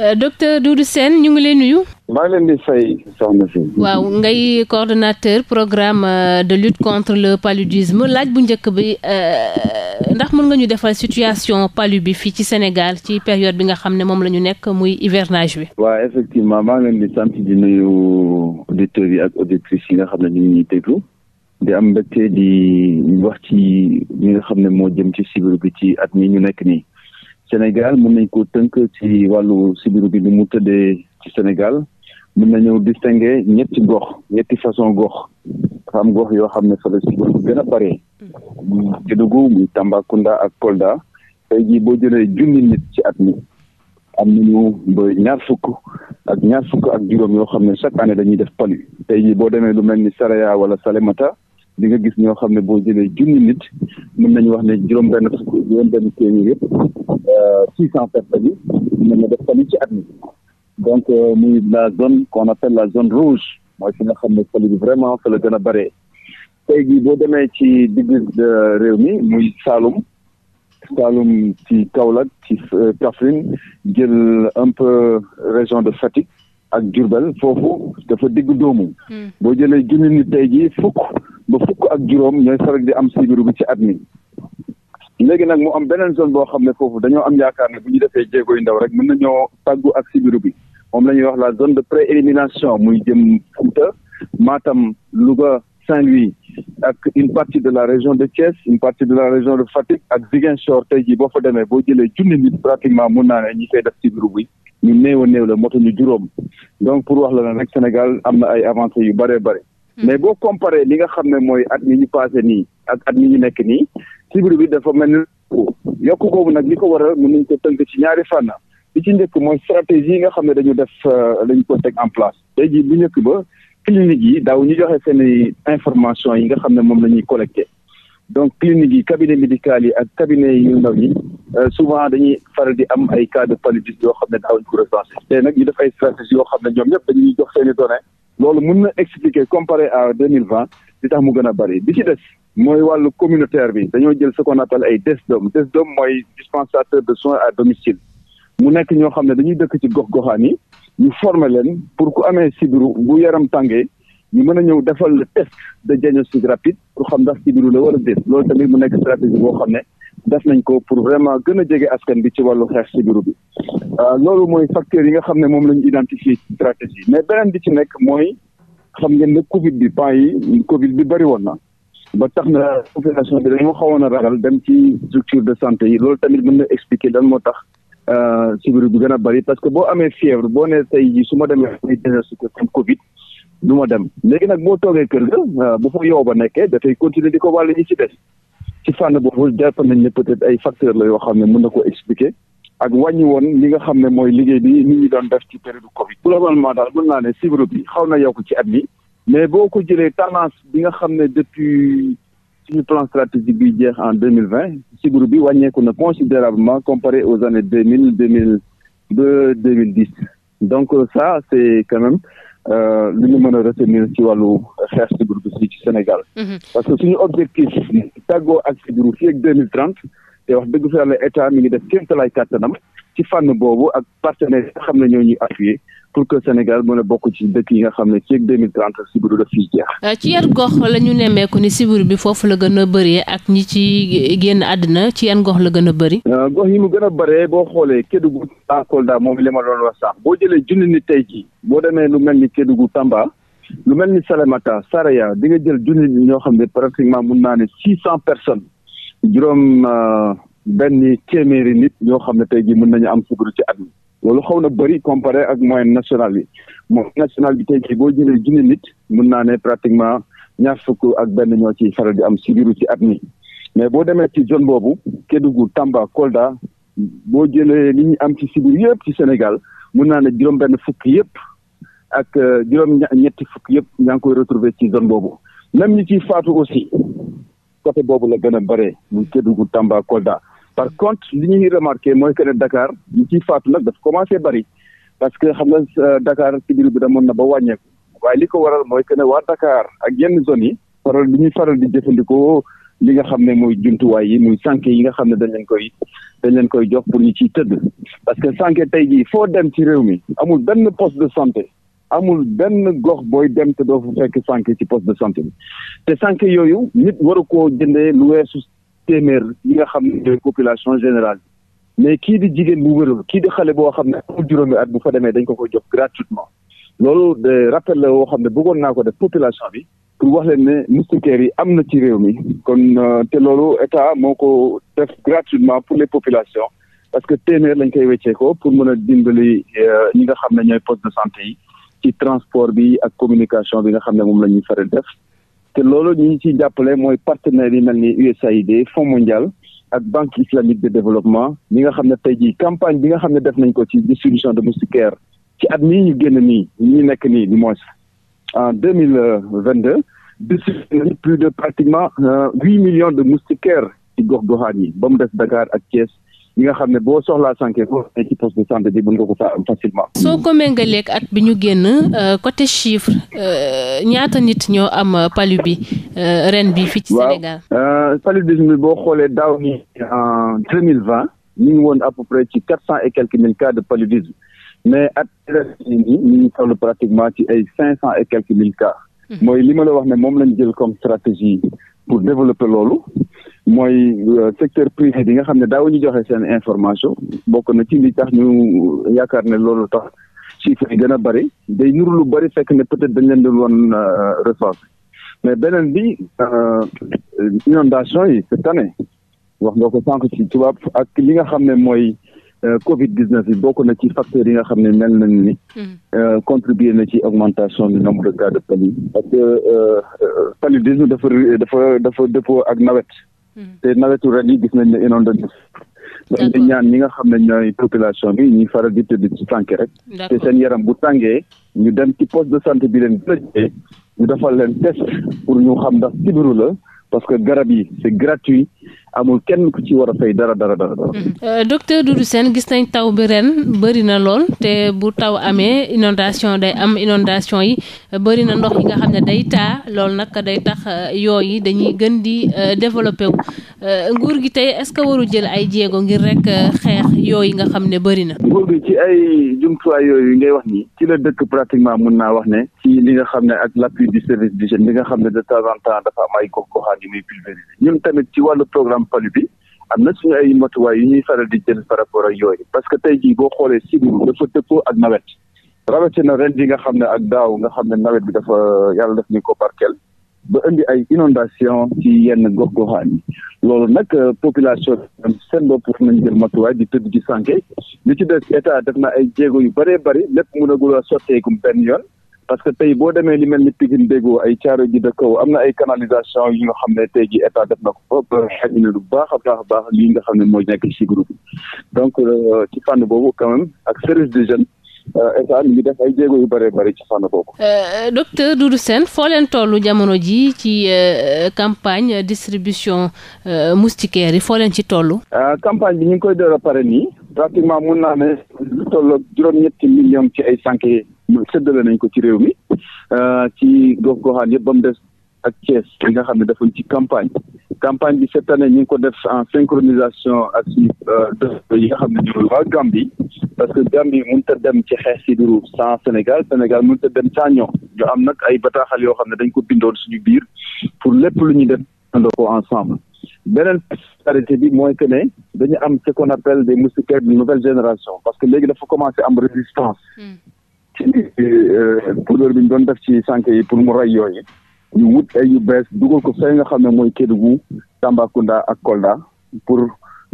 Euh, docteur Doudou Sène ñu ngi lay nuyu. maa ngi leen di fay soxna si. waaw ngay coordinateur programme euh, de lutte contre le paludisme laaj bu njëkk bi euh, ndax mën nga ñu defal situation palu bi fii ci Sénégal ci période bi nga xam ne moom la ñu nekk muy hivernage bi. waaw effectivement maa ngi leen di sant di nuyu auditeurs yi ak auditrices yi nga xam ne ñu ngi ñuy déglu di am mbégte di wax ci ñi nga xam ne moo jëm ci sibiru bi ci at mi ñu nekk nii. Sénégal mën nañ koo tënk ci wàllu sibiru bi ni mu tëddee ci Sénégal mën nañu distinguer ñetti gox ñetti façon gox dafa am gox yoo xam ne fa la sibiru bi gën a bare muy Kédougou muy Tambacounda ak Kolda tey jii boo jëlee junni nit ci at mi am nañu ba ñaar fukk ak ñaar fukk ak juróom yoo xam ne chaque année dañuy def palu tey jii boo demee lu mel ni Saraya wala Salemata li nga gis ñoo xam ne boo jëlee junni nit mën nañu wax ne juróom benn fukk juróom benn téeméer yëpp euh, six cent personnes yi mën na def tamit ci at mi donc euh, muy la zone qu'on appelle la zone rouge mooy fi nga xam ne fële bi vraiment fa la gën a bëree tey jii boo demee ci digg euh, réew mi muy Saloum Saloum ci Kaolack ci Kaffrine jël un peu région de Fatick ak Diourbel foofu dafa digg doomu hmm. boo jëlee junni nit tey jii fukk ba fukk ak juróom ñooy faral di am sibiru bi ci at mi léegi nag mu am beneen zone boo xam ne foofu dañoo am yaakaar ne bu ñu defee jéego yu ndaw rek mën nañoo tàggu ak sibiru bi moom la ñuy wax la zone de préélimination muy jëm Fouta Matam Louga Saint-Louis ak une partie de la région de Thiès une partie de la région de Fatick ak Ziguinchor tey ji boo fa demee boo jëlee junni nit pratiquement mun naa ne ñi fay def sibiru bi ñu néew a la ñu juróom donc pour wax la ne rek Sénégal am na ay avancées yu bëree bëri. Hmm. mais boo comparé li nga xam ne mooy at mi ñu passé nii ak at mi ñu nekk nii chiffre bi dafa mel ni yokk googu nag li ko waral mën nañ ko tënk ci ñaari fànn li ci njëkk mooy stratégie yi nga xam ne dañu def lañu euh, ko teg en place tey jii bu njëkk ba clinique yi daaw ñu joxe seen information yi nga xam ne moom la ñuy collecté donc clinique yi cabinet médical yi ak cabinet yu ndaw yi euh, souvent dañuy faral di am ay cas de paludisme yoo xam ne daawuñ ko recensé tey ñu def ay stratégie yoo xam ne ñoom ñëpp dañuy jox seen i loolu mën na expliquer comparé à deux mille vingt li tax mu gën a bëri bi ci des mooy wàll communautaire bi dañoo jël ce qu'on appelle ay DSDOM DSDOM mooy dispensateur de soins à domicile mu nekk ñoo xam ne dañuy dëkk ci gox-goxaan yi ñu former leen pour ku amee sibiru bu yaram tàngee ñu mën a ñëw defal le test de diagnostic rapide pour xam ndax sibiru la a déet loolu tamit mu nekk stratégie boo xam ne def nañ ko pour vraiment gën a jege askan bi ci wàllu xeex si biiru bi euh, loolu mooy facteurs yi nga xam ne moom la ñu identifier ci stratégie mais beneen bi ci nekk mooy xam ngeen ne Covid bi pan yi Covid bi bëri woon na ba tax na population bi dañoo xawoon a ragal dem ci structure de santé yi loolu tamit mën na expliquer lan moo tax euh, sibiru bi gën a bëri parce que boo amee fièvre boo nee tey jii su ma demee muy désinfecté comme Covid du ma dem léegi nag boo toogee kër ga euh, bu fa yow ba nekkee dafay continuer di ko wàll ñi ci fànn boobu jàpp nañ ne peut-être ay facteurs la yoo xam ne mën na ko expliquer ak wàññi woon li nga xam ne mooy liggéey bi nit ñi doon def ci période Covid. globalement daal mën naa ne chiffre bi xaw na yokk ci at mi mais boo ko jëlee tendance bi nga xam ne depuis suñu plan stratégique bi jeex en deux mille vingt chiffre bi wàññeeku na considérablement comparé aux années deux mille deux mille ba deux mille dix donc euh, ça c'est quand même euh, lu ñu mën a retenir ci wàllu xeex chiffre ci Sénégal. Mm-hmm. tàggoo ak sibiru fii ak deux mille trente te wax dëgg fa yàlla état mi ngi def kéemtalaay kàttanam ci fànn boobu ak partenaire nga xam ne ñoo ñuy appuyé pour que Sénégal mën a bokk ci dëkk yi nga xam ne fii ak deux mille trente sibiru daf fiy jeex. Euh, ci yan gox la ñu nemmeeku ni sibiru bi foofu la gën a bëree ak ñi ci génn àddina ci yan gox la gën a bëri. Euh, gox yi mu gën a bëree boo xoolee gu Kédougou Kolda moom li ma doon wax sax boo jëlee junni nit tey jii boo demee lu mel ni Kédougou Tamba lu mel ni Salemata Saraya di nga jël junni ñoo xam ne pratiquement mun naa ne six cent personnes juróom euh, benn téeméeri nit ñoo xam ne tey jii mën nañu am sukkur ci at mi loolu xaw na bëri comparé ak moyenne nationale yi moom nationale bi tey jii boo jëlee junni nit mun naa ne pratiquement ñaar fukk ak benn ñoo ciy faral di am sukkur ci at mi mais boo demee ci zone boobu Kédougou Tamba Kolda boo jëlee li ñu am ci sukkur yëpp ci Sénégal mun naa ne juróom fukk yëpp. ak euh, juróom ñetti fukk yëpp ñaa koy retrouver ci zone boobu même ñi ciy faatu aussi côté boobu la gën a bare muy gu Tamba Kolda par contre li ñuy remarqué mooy que ne Dakar ciy faatu nag dafa commencé bari parce que xam nga euh, dakaar ci biir bi demoon na ba wàññeeku waaye li ko waral mooy que ne waa Dakar ak yenn zones yi faral li ñuy faral di jëfandikoo li nga xam ne mooy jumtuwaay yi muy sànke yi nga xam ne dañ leen koy dañ leen koy jox pour ñu ciy tëdd parce que sànke tey jii foo dem ci réew mi amul benn poste de santé amul benn gox booy dem te doo fa fekk sànq ci poste de santé bi te sànq yooyu nit war ko koo jëndee lu weesu téeméer yi nga xam ne population général mais kii di jigéen bu wérul kii di xale boo xam ne amul juróomi at bu fa demee dañ ko ko jox gratuitement loolu de la woo xam ne bëggoon naa ko def population bi pour wax leen ne moustiquaires yi am na ci réew mi kon euh, te loolu état moo ko def gratuitement pour les populations parce que téeméer lañ koy weccee ko pour mën a dimbali euh, ñi nga xam ne ñooy poste de yi ci transport bi ak communication bi nga xam ne moom la ñuy faral def te loolu ñu ngi ciy jàppale mooy partenaires yi mel ni USAID Fonds mondial ak Banque islamique de développement ñi nga xam ne tey jii campagne bi nga xam ne def nañ ko ci distribution de moustiquaires ci at mii ñu génn nii ñu nekk nii du moins en deux mille vingt deux distribué plus de pratiquement euh, huit millions de moustiquaires ci gox goxaan yi ba mu des Dakar ak Thiès ñi nga xam ne boo soxlaa santé boo ne ci poste de santé bi mën nga ko fa am soo ko méngaleeg at bi ñu génn euh, côté chiffre euh, ñaata nit ñoo am palu bi euh, ren bi fi ci Sénégal. waaw paludisme boo xoolee daaw ni en deux mille ñu ngi woon à peu ci quatre cent et quelques mille cas de paludisme mais at ren nii ñu ngi pratiquement ci ay cinq cent et quelques mille cas. Hmm. mooy li ma la wax ne moom lañ jël comme stratégie pour développer loolu mooy euh, secteur privé bi nga xam ne ñu joxe seen information bokk na ci li tax ñu yaakaar ne loolu tax chiffres yi gën a bëri day nuru lu bëri fekk ne peut-être dañ leen di woon euh, recensé mais beneen bi euh, inondation yi cette année wax nga ko sànq ci tubaab ak li nga xam ne mooy Covid 19 bi bokk na ci facteurs yi nga xam ne mel nañ ni. Hmm. contribuer na ci augmentation du nombre de de famille. parce que 2019 dafa dafa dafa dëppoo ak nawet. Hmm. te nawetu rek yi gis nañ ne inondation. d'accord ñaan ñi nga xam ne ñooy population bi ñuy faral di tëdd ci tànk rek. te seen yaram bu tàngee ñu dem ci poste de santé bi leen gën ñu defal leen test pour ñu xam ndax sibiru la parce que garab yi c'est gratuit. amul kenn ku ci war a fay dara dara dara. Mm-hmm. Euh, docteur Doudou seen gis nañ taw bi ren bëri na lool te bu taw amee inondation day am inondation yi bëri na ndox yi nga xam ne day taa lool nag day tax euh, yooyu dañuy gën di euh, développé wu nguur gi tey est-ce que waru jël ay jéego ngir rek xeex yooyu nga xam ne bëri na. nguur gi ci ay jumtuwaay yooyu ngay wax nii. ci la dëkk pratiquement mun naa wax ne. ci li nga xam ne ak l'appui du service d'hygiène li nga xam ne de temps en am bi am na suñu ay matuwaay yu ñuy faral di jël par rapport ak yooyu parce que tey jii boo xoolee sibiru dafa dëppoo ak nawet rawatina ren ji nga xam ne ak daaw nga xam ne nawet bi dafa yàlla def ni ko barkeel ba indi ay inondation ci yenn gox-goxaan yi loolu nag euh, population seen bopp wax nañ jël matuwaay di tëdd ci sànke li ci des état def na ay jéego yu bëree bëri lépp mën agula sotteegum benn yoon parce que tey boo demee li mel ni Pikine déggoo ay caaro ji de kaw am na ay canalisation yi nga xam ne tey ji état def na ko fa ba xëy na lu baax a baax a baax lii nga xam ne moo nekk ci groupe donc euh, ci fànn boobu quand ak service des jeunes euh, état mi ngi def ay jéego yu bëree bëri ci fànn boobu. Euh, docteur Doudou Sène foo leen toll jamono ji ci campagne distribution moustiquaires yi foo leen ci toll. campagne bi ñu ngi koy door a pare nii. pratiquement mun naa ne lu tolloog juróom-ñetti million ci ay mu séddale nañ ko ci réew mi euh, ci gox goxaan yëpp ba mu des ak Thiès li nga xam ne defuñ ci campagne campagne bi cette année ñu ngi ko def en synchronisation ak suñu euh, yi nga xam ne ñoo waa Gambie parce que Gambie mënut a dem ci xeex si duru sans Sénégal Sénégal mënut a dem sans ñoom ñu am nag ay bataaxal yoo xam ne dañ ko bindoon suñu biir pour lépp lu ñuy def andoo ko ensemble beneen particularité bi mooy que ne dañu am ce qu'on appelle des moustiquaires de nouvelle génération parce que léegi dafa commencé am résistance hmm. ci poudre euh, bi ñu doon def ci sànq yi pour mu rey yooyu ñu wut ay yu bees dugal ko fay nga xam ne mooy Kédougou Tambacounda ak Kolda pour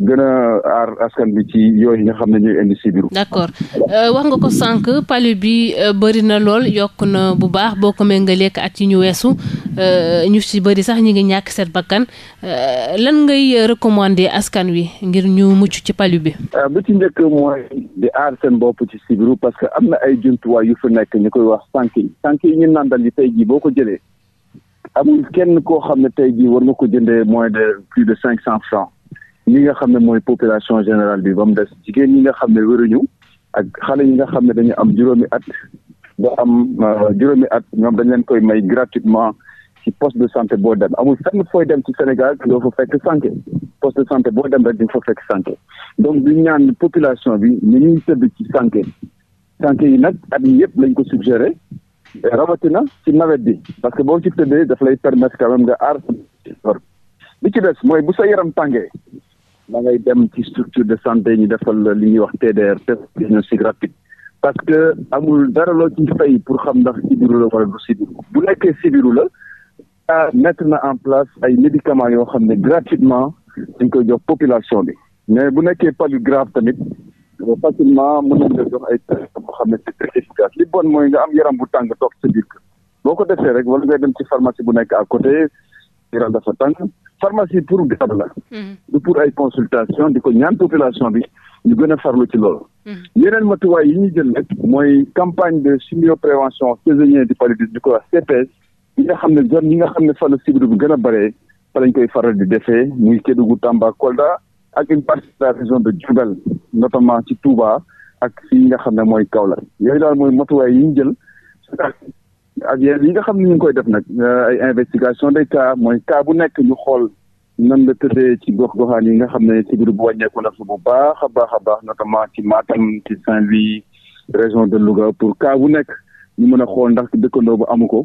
gën a aar askan bi ci yooyu nga xam ne ñooy indi sibiru. d'accord euh, wax nga ko sànq palu bi euh, bëri na lool yokk na bu baax boo ko lekk at yi ñu weesu euh, ñu ci bëri sax ñu ngi ñàkk seet bakkan lan ngay recommander askan wi ngir ñu mucc ci palu bi. bu ci njëkk mooy di aar seen bopp ci sibiru parce que am na ay jumtuwaay yu fi nekk ñu koy wax sànq yi sànq yi ñu nàndal yi tey jii boo ko jëlee amul kenn koo xam ne tey jii war nga ko jëndee moins de plus de cinq cents francs. ñi nga xam ne mooy population générale bi ba mu des jigéen ñi nga xam ne wéruñu ak xale yi nga xam ne dañu am juróomi at boo am euh, juróomi at ñoom dañ leen koy may gratuitement ci poste de santé boo dem amul fenn fooy dem ci Sénégal te doo fa fekk santé poste de santé boo dem rek di nga fa fekk santé donc du ñaan population bi ñu ñuy tëdd ci santé santé yi nag at yi yëpp lañ ko suggéré rawatina ci nawet bi parce que boo ci tëddee daf lay permettre quand même nga aar ci des mooy bu sa yaram da ngay dem ci structure de santé ñu defal li ñuy wax te test diagnostic rapide parce que amul dara loo ci fay pour xam ndax sibiru la wala du sibiru bu nekkee sibiru la a mettre na en place ay médicaments yoo xam ne gratuitement dañ koy jox population bi mais bu nekkee pas du grave tamit euh, facilement mën nañ ay xam ne c'est très efficace li bon mooy nga am yaram bu tàng toog sa boo ko defee rek wala ngay dem ci pharmacie bu nekk à côté yaram dafa tàng pharmacie pour garab la. Mm-hmm. du pour ay consultation di ko ñaan population bi ñu gën a farlu ci loolu. Mm-hmm. yeneen matuwaay yi ñu jël nag mooy campagne de chimio prévention saisonnière du paludisme di ko wax yi nga xam ne zone yi nga xam ne fa la bu gën a baree fa lañ koy faral di defee muy Kédougou Tamba Kolda ak une partie de la région de Diourbel notamment ci Touba ak fii nga xam ne mooy Kaolack yooyu daal mooy matuwaay yi ñu jël. ak yeneen yi nga xam ne ñu ngi koy def nag euh, ay investigation des cas mooy cas bu nekk ñu xool nan la tëddee ci gox-goxaan yi nga xam ne ci biir bu wàññeeku na fa bu baax a baax a baax notamment ci Matam ci Saint-Louis région de Louga pour cas bu nekk ñu mën a xool ndax dëkkandoo bu amu ko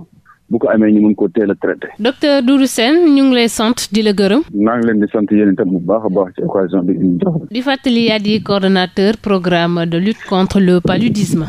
bu ko amee ñu mën ko teel a traité. docteur Doudou ñu ngi lay sant di la gërëm. maa ngi leen di sant yéen itam bu baax a baax ci occasion bi ñu di fàttali yaa di coordonnateur programme de lutte contre le paludisme.